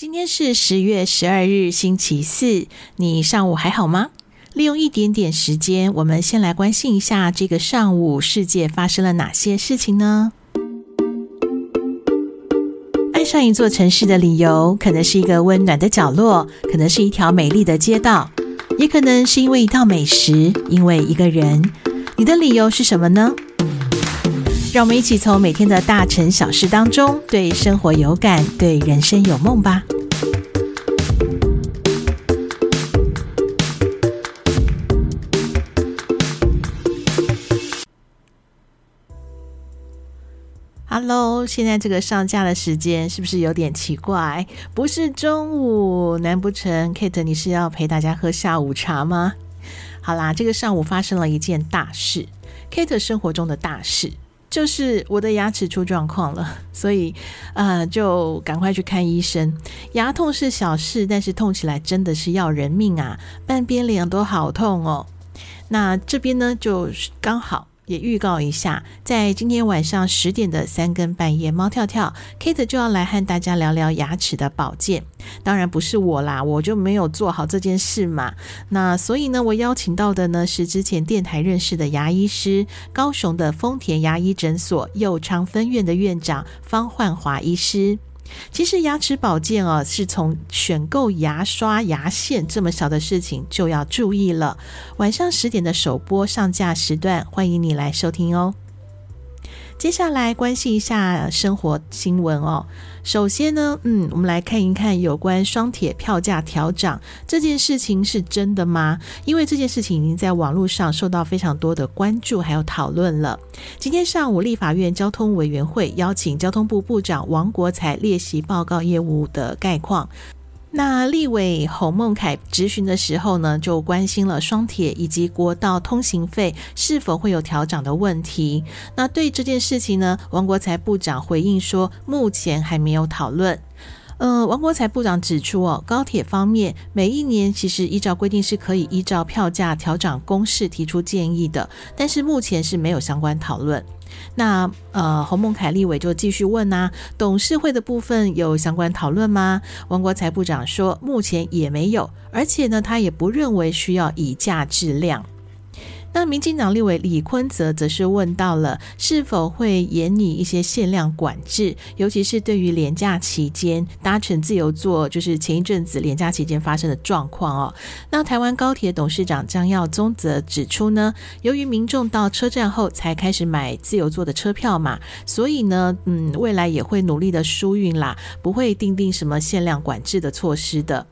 今天是十月十二日，星期四。你上午還好嗎？利用一點點時間，我們先來關心一下這個上午世界發生了哪些事情呢？愛上一座城市的理由，可能是一個溫暖的角落，可能是一條美麗的街道，也可能是因為一道美食，因為一個人。你的理由是什麼呢？讓我們一起從每天的大城小事當中，對生活有感，對人生有夢吧。Hello，現在這個上架的時間是不是有點奇怪？不是中午，難不成 Kate 你是要陪大家喝下午茶嗎？好啦，這個上午發生了一件大事，Kate 生活中的大事。就是我的牙齒出狀況了，所以，呃，就趕快去看醫生。牙痛是小事，但是痛起來真的是要人命啊！半邊臉都好痛哦。那這邊呢，就剛好。也預告一下，在今天晚上十點的三更半夜，貓跳跳 Kate 就要來和大家聊聊牙齒的保健。當然不是我啦，我就沒有做好這件事嘛。那所以呢，我邀請到的呢，是之前電台認識的牙醫師，高雄的豐田牙醫診所右昌分院的院長方煥華醫師。其實牙齒保健哦、啊，是從選購牙刷、牙線這麼小的事情就要注意了。晚上十點的首播上架時段，歡迎你來收聽哦。接下來關心一下生活新聞哦。首先呢，嗯，我們來看一看有關雙鐵票價調漲這件事情是真的嗎？因為這件事情已經在網絡上受到非常多的關注還有討論了。今天上午，立法院交通委員會邀請交通部部長王國材列席報告業務的概況。那立委洪孟楷質詢的時候呢，就關心了雙鐵以及國道通行費是否會有調漲的問題。那對這件事情呢，王國材部長回應說，目前還沒有討論。呃，王國材部長指出哦，高鐵方面每一年其實依照規定是可以依照票價調整公式提出建議的，但是目前是沒有相關討論。那呃，洪孟楷立委就繼續問吶、啊，董事會的部分有相關討論嗎？王國材部長說，目前也沒有，而且呢，他也不認為需要以價制量。那民進黨立委李昆澤則是問到了是否會研擬一些限量管制，尤其是對於連假期間搭乘自由座，就是前一陣子連假期間發生的狀況哦。那台灣高鐵董事長江耀宗則指出呢，由於民眾到車站後才開始買自由座的車票嘛，所以呢，嗯，未來也會努力的疏運啦，不會訂定什麼限量管制的措施的。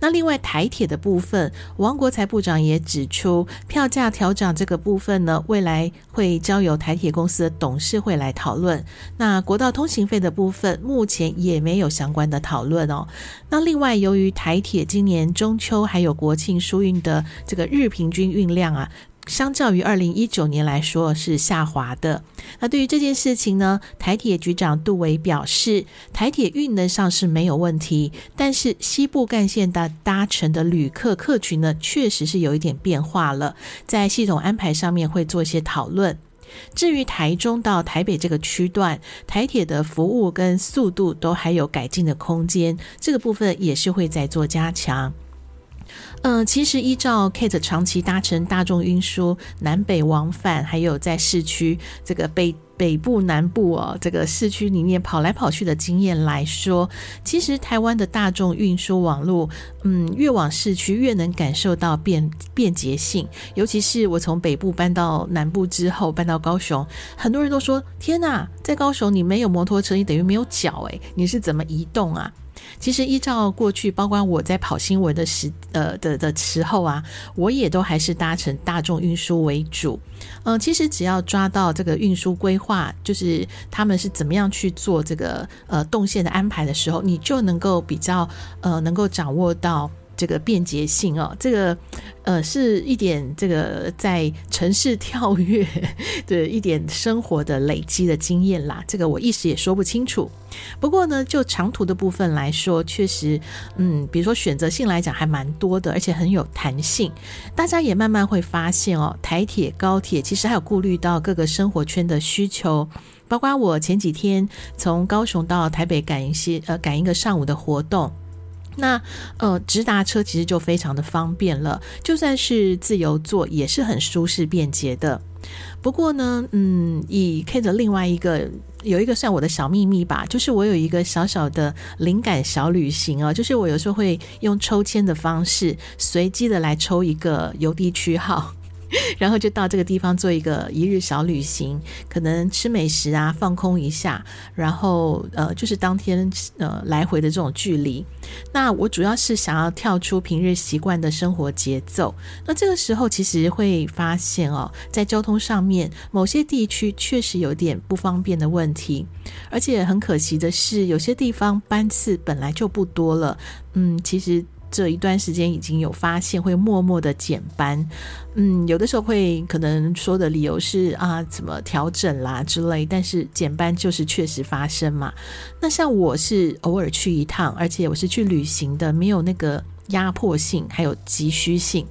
那另外台鐵的部分，王國材部長也指出，票價調整這個部分呢，未來會交由台鐵公司的董事會來討論。那國道通行費的部分，目前也沒有相關的討論哦。那另外，由於台鐵今年中秋還有國慶疏運的這個日平均運量啊。相較於二零一九年來說是下滑的。那對於這件事情呢，台鐵局長杜偉表示，台鐵運能上是沒有問題，但是西部幹線的搭乘的旅客客群呢，確實是有一點變化了，在系統安排上面會做一些討論。至於台中到台北這個區段，台鐵的服務跟速度都還有改進的空間，這個部分也是會再做加強。嗯，其實依照 Kate 長期搭乘大眾運輸南北往返，還有在市區這個北北部、南部哦，這個市區裡面跑來跑去的經驗來說，其實台灣的大眾運輸網絡，嗯，越往市區越能感受到便便捷性。尤其是我從北部搬到南部之後，搬到高雄，很多人都說：“天哪，在高雄你沒有摩托車，你等於沒有腳，誒，你是怎麼移動啊？”其實依照過去，包括我在跑新聞的時，呃的的時候啊，我也都還是搭乘大眾運輸為主。嗯、呃，其實只要抓到這個運輸規劃，就是他們是怎麼樣去做這個呃動線的安排的時候，你就能夠比較呃能夠掌握到。這個便捷性哦，這個呃，是一點這個在城市跳躍的一點生活的累積的經驗啦。這個我一時也說不清楚。不過呢，就長途的部分來說，確實，嗯，比如說選擇性來講還蠻多的，而且很有彈性。大家也慢慢會發現哦，台鐵、高鐵其實還有顧慮到各個生活圈的需求，包括我前幾天從高雄到台北趕一些，呃，趕一個上午的活動。那呃，直達車其實就非常的方便了，就算是自由坐，也是很舒適便捷的。不過呢，嗯，以 k 的另外一個有一個算我的小秘密吧，就是我有一個小小的靈感小旅行哦、啊，就是我有時候會用抽籤的方式，隨機的來抽一個郵遞區號。 然後就到這個地方做一個一日小旅行，可能吃美食啊，放空一下，然後呃，就是當天呃來回的這種距離。那我主要是想要跳出平日習慣的生活節奏。那這個時候其實會發現哦，在交通上面某些地區確實有點不方便的問題，而且很可惜的是，有些地方班次本來就不多了。嗯，其實。這一段時間已經有發現會默默的減班，嗯，有的時候會可能說的理由是啊，怎麼調整啦之類，但是減班就是確實發生嘛。那像我是偶爾去一趟，而且我是去旅行的，沒有那個壓迫性，還有急需性。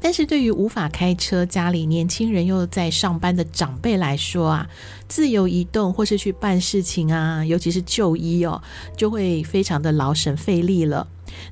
但是對於無法開車、家裡年輕人又在上班的長輩來說啊，自由移動或是去辦事情啊，尤其是就醫哦，就會非常的勞神費力了。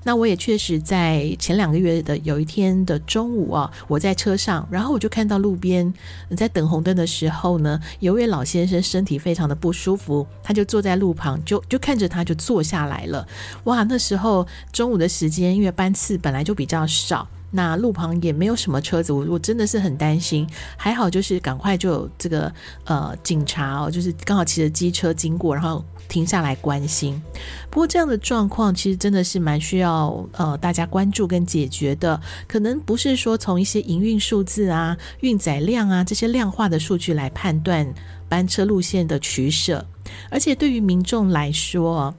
那我也確實在前兩個月的有一天的中午啊，我在車上，然後我就看到路邊在等紅燈的時候呢，有一位老先生身體非常的不舒服，他就坐在路旁，就就看着他就坐下來了。哇，那時候中午的時間，因為班次本來就比較少。那路旁也沒有什麼車子，我我真的是很擔心。還好就是趕快就有這個呃警察哦，就是剛好騎着機車經過，然後停下來關心。不過這樣的狀況其實真的是蠻需要呃大家關注跟解決的。可能不是說從一些營運數字啊、運載量啊這些量化的數據來判斷班車路線的取捨，而且對於民眾來說。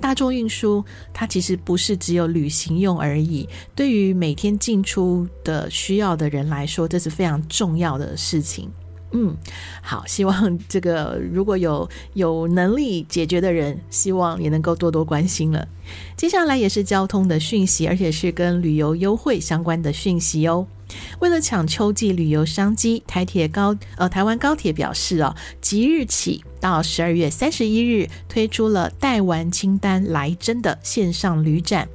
大眾運輸，它其實不是只有旅行用而已。對於每天進出的需要的人來說，這是非常重要的事情。嗯，好，希望這個如果有有能力解決的人，希望也能夠多多關心了。接下來也是交通的訊息，而且是跟旅遊優惠相關的訊息哦。為了搶秋季旅遊商機，台鐵高呃台灣高鐵表示哦，即日起到十二月三十一日推出了帶玩清單來真的線上旅展，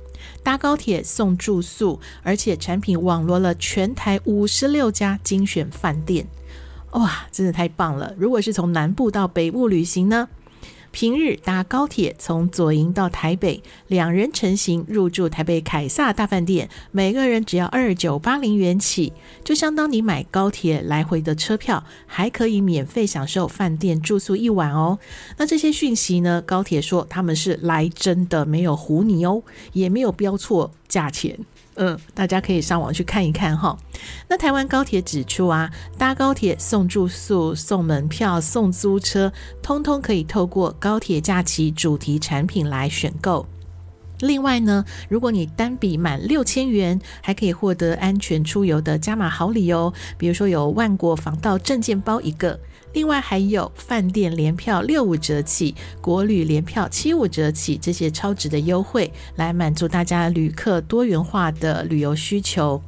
搭高鐵送住宿，而且產品網羅了全台五十六家精選飯店，哇，真的太棒了！如果是從南部到北部旅行呢？平日搭高鐵從左營到台北，兩人成行入住台北凱撒大飯店，每個人只要二九八零元起，就相當於你買高鐵來回的車票，還可以免費享受飯店住宿一晚哦。那這些訊息呢，高鐵說他們是來真的，沒有唬你哦，也沒有標錯價錢。嗯，大家可以上網去看一看哈。那台灣高鐵指出啊，搭高鐵送住宿、送門票、送租車，通通可以透過高鐵假期主題產品來選購。另外呢，如果你單筆滿六千元，還可以獲得安全出遊的加碼好禮哦。比如說有萬國防盜證件包一個，另外還有飯店聯票六五折起，國旅聯票七五折起，這些超值的優惠，來滿足大家旅客多元化的旅遊需求。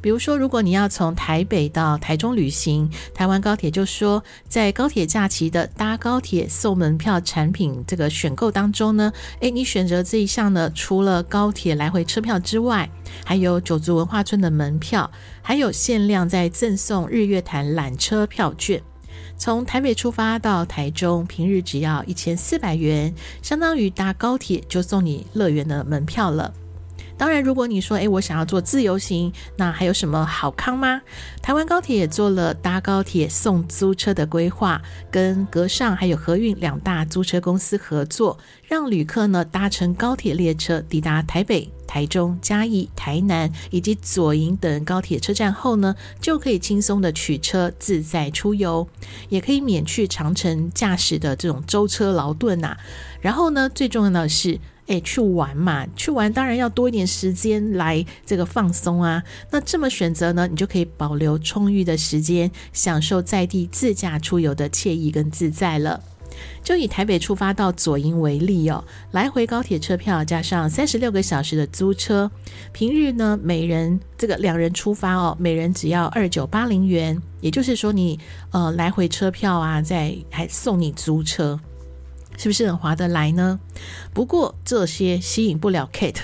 比如說，如果你要從台北到台中旅行，臺灣高鐵就說在高鐵假期的搭高鐵送門票產品這個選購當中呢，誒，你選擇這一項呢，除了高鐵來回車票之外，還有九族文化村的門票，還有限量在贈送日月潭纜車票券。從台北出發到台中，平日只要一千四百元，相當於搭高鐵就送你樂園的門票了。當然，如果你說，誒，我想要做自由行，那還有什麼好康嗎？台灣高鐵也做了搭高鐵送租車的規劃，跟格上還有和運兩大租車公司合作，讓旅客呢搭乘高鐵列車抵達台北、台中、嘉義、台南以及左營等高鐵車站後呢，就可以輕鬆的取車，自在出遊，也可以免去長程駕駛的這種舟車勞頓吶、啊。然後呢，最重要的是。誒，去玩嘛？去玩當然要多一點時間來這個放鬆啊。那這麼選擇呢，你就可以保留充裕的時間，享受在地自駕出遊的愜意跟自在了。就以台北出發到左營為例哦，來回高鐵車票加上三十六個小時的租車，平日呢，每人這個兩人出發哦，每人只要二九八零元。也就是說你，你呃來回車票啊，再還送你租車。是不是很划得來呢？不過這些吸引不了 Kate，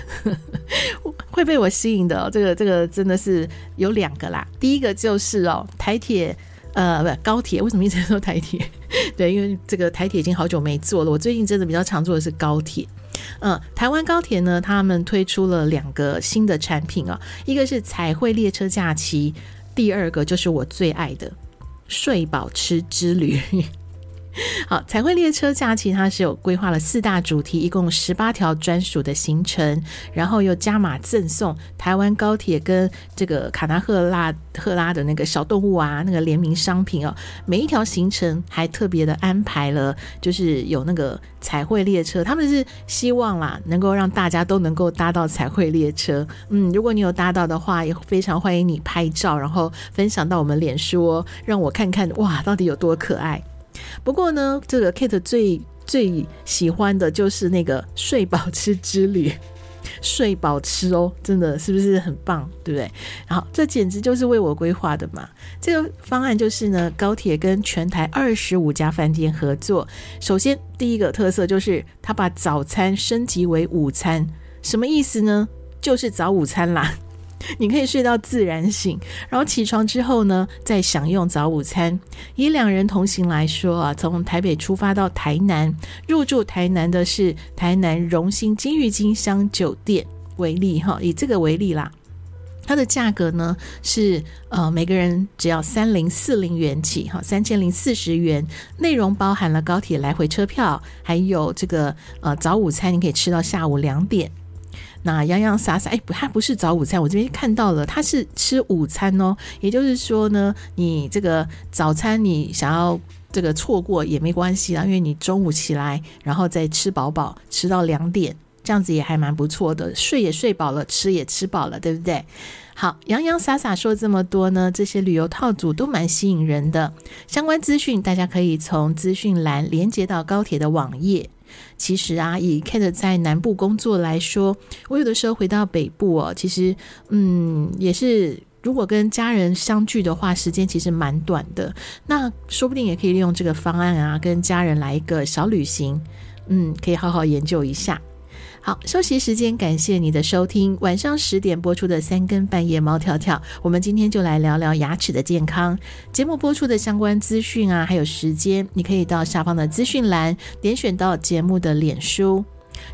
會被我吸引的、喔。這個這個真的是有兩個啦。第一個就是哦、喔，台鐵呃不高鐵，為什麼一直說台鐵？對，因為這個台鐵已經好久沒坐了。我最近真的比較常坐的是高鐵。嗯、呃，台灣高鐵呢，他們推出了兩個新的產品啊、喔，一個是彩繪列車假期，第二個就是我最愛的睡飽吃之旅。好，彩繪列車假期它是有規劃了四大主題，一共十八條專屬的行程，然後又加碼贈送台灣高鐵跟這個卡納赫拉赫拉的那個小動物啊，那個聯名商品哦，每一條行程還特別的安排了，就是有那個彩繪列車，他們是希望啦，能夠讓大家都能夠搭到彩繪列車。嗯，如果你有搭到的話，也非常歡迎你拍照，然後分享到我們臉書哦，讓我看看哇，到底有多可愛。不過呢，這個 Kate 最最喜歡的就是那個睡飽吃之旅，睡飽吃哦，真的是不是很棒，對不對？好，這簡直就是為我規劃的嘛！這個方案就是呢，高鐵跟全台二十五家飯店合作。首先，第一個特色就是他把早餐升級為午餐，什麼意思呢？就是早午餐啦。你可以睡到自然醒，然後起床之後呢，再享用早午餐。以兩人同行來說啊，從台北出發到台南，入住台南的是台南榮興金鬱金香酒店為例哈，以這個為例啦，它的價格呢是呃每個人只要三零四零元起哈，三千零四十元，內容包含了高鐵來回車票，還有這個呃早午餐，你可以吃到下午兩點。那洋洋灑灑，哎、欸，不，他不是早午餐，我這邊看到了，他是吃午餐哦。也就是說呢，你這個早餐你想要這個錯過也沒關係啊，因為你中午起來，然後再吃飽飽，吃到兩點，這樣子也還蠻不錯的，睡也睡飽了，吃也吃飽了，對不對？好，洋洋灑灑說這麼多呢，這些旅遊套組都蠻吸引人的，相關資訊大家可以從資訊欄連接到高鐵的網頁。其實啊，以 Kate 在南部工作來說，我有的時候回到北部哦，其實嗯，也是如果跟家人相聚的話，時間其實蠻短的。那說不定也可以利用這個方案啊，跟家人來一個小旅行，嗯，可以好好研究一下。好，休息時間，感謝你的收聽。晚上十點播出的《三更半夜貓跳跳》，我們今天就來聊聊牙齒的健康。節目播出的相關資訊啊，還有時間，你可以到下方的資訊欄點選到節目的臉書。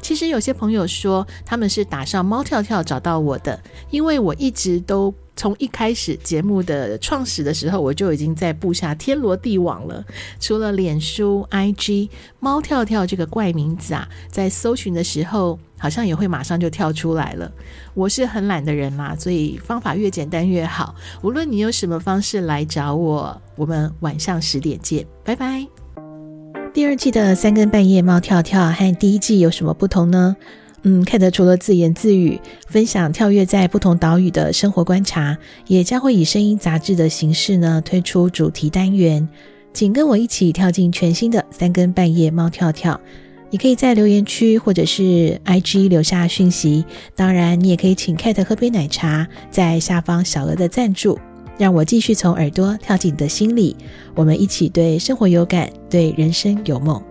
其實有些朋友說他們是打上“貓跳跳”找到我的，因為我一直都。從一開始節目的創始的時候，我就已經在布下天羅地網了。除了臉書、IG，貓跳跳這個怪名字啊，在搜尋的時候，好像也會馬上就跳出來了。我是很懶的人啦，所以方法越簡單越好。無論你用什麼方式來找我，我們晚上十點見，拜拜。第二季的三更半夜貓跳跳和第一季有什麼不同呢？嗯，Kate 除了自言自語、分享跳躍在不同島嶼的生活觀察，也將會以聲音雜誌的形式呢推出主題單元。請跟我一起跳進全新的三更半夜貓跳跳。你可以在留言區或者是 IG 留下訊息。當然，你也可以請 Kate 喝杯奶茶，在下方小額的贊助，讓我繼續從耳朵跳進你的心裡。我們一起對生活有感，對人生有夢。